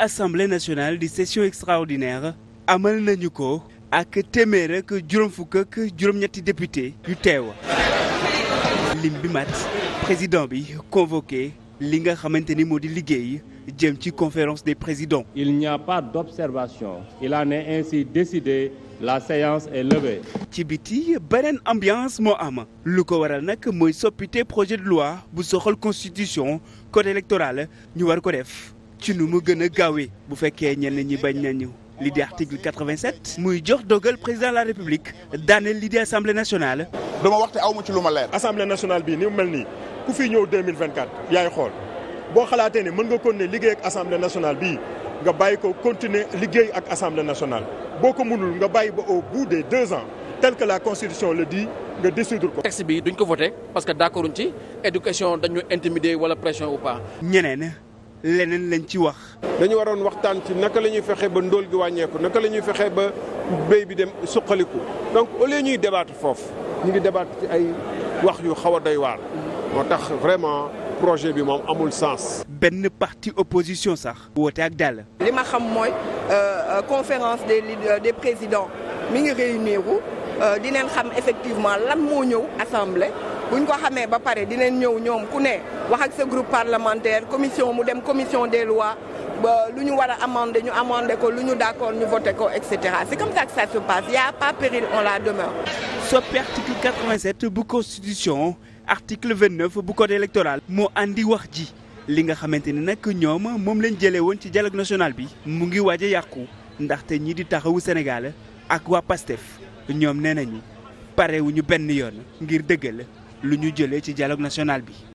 assemblée nationale di session extraordinaire amal nañu ko ak téeméer ak juróom fukk ak juróom-ñetti député yu teewa lim bi mat président bi convoqué li nga xamante ni moo di liggéey jëm ci conférence des présidents. il n'y a pas d'observation il en est ainsi décidé la séance est levée. ci biti beneen ambiance moo am lu ko waral nag mooy soppite projet de loi bu soxal constitution code électoral ñu war ko def. ci nu mu gën a gaawee bu fekkee ñenn ñi bañ na ñëw lii di article 87 muy jox dogal président la république daaneel lii di assemblée nationale. dama waxte aw ma ci lu ma leer. assemblée nationale bii ni mu mel nii ku fi ñëw 2024 yaay xool boo xalaatee ne mën nga kon ne liggéey ak assemblée nationale bii nga bàyyi ko continuer liggéey ak assemblée nationale boo ko mënul nga bàyyi ba au bout des ans tel que la constitution le dit. nga décider ko. texte bi duñ ko voté parce que d'accorduñ ci éducation dañu intimider wala pression ou pas. ñeneen. leneen lañ ci wax. dañu waroon waxtaan ci naka la ñuy fexe ba ndóol gi wàññeeku naka la ñuy fexe ba béy bi dem suqaliku donc au lieu ñuy débattre foofu ñu ngi débattre ci ay wax yu xaw a doy moo tax vraiment projet bi moom amul sens. benn parti opposition sax. woote ak dàll. li ma xam mooy euh, euh, conférence des euh, des présidents mi ngi réunir wu dinañ xam effectivement lan moo ñëw assemblée. buñ ko xamee ba pare dinañ ñëw ñoom ku ne wax ak sa groupe parlementaire commission mu dem commission des lois ba lu ñu war a amender ñu amender ko lu ñu d'accord ñu voté ko et cetera c'est comme ça que ça se passe il y a pas péril en la demeure. soppi article 87 bu constitution article bu code électoral. moo indi wax ji li nga xamante ni nag ñoom moom lañ jëlee woon ci dialogue national bi mu ngi waaj a yàqu ndaxte ñii di taxawu Sénégal ak waa PASTEF ñoom nee nañu parewuñu benn yoon ngir dëggal. lu ñu jëlee ci dialogue national bi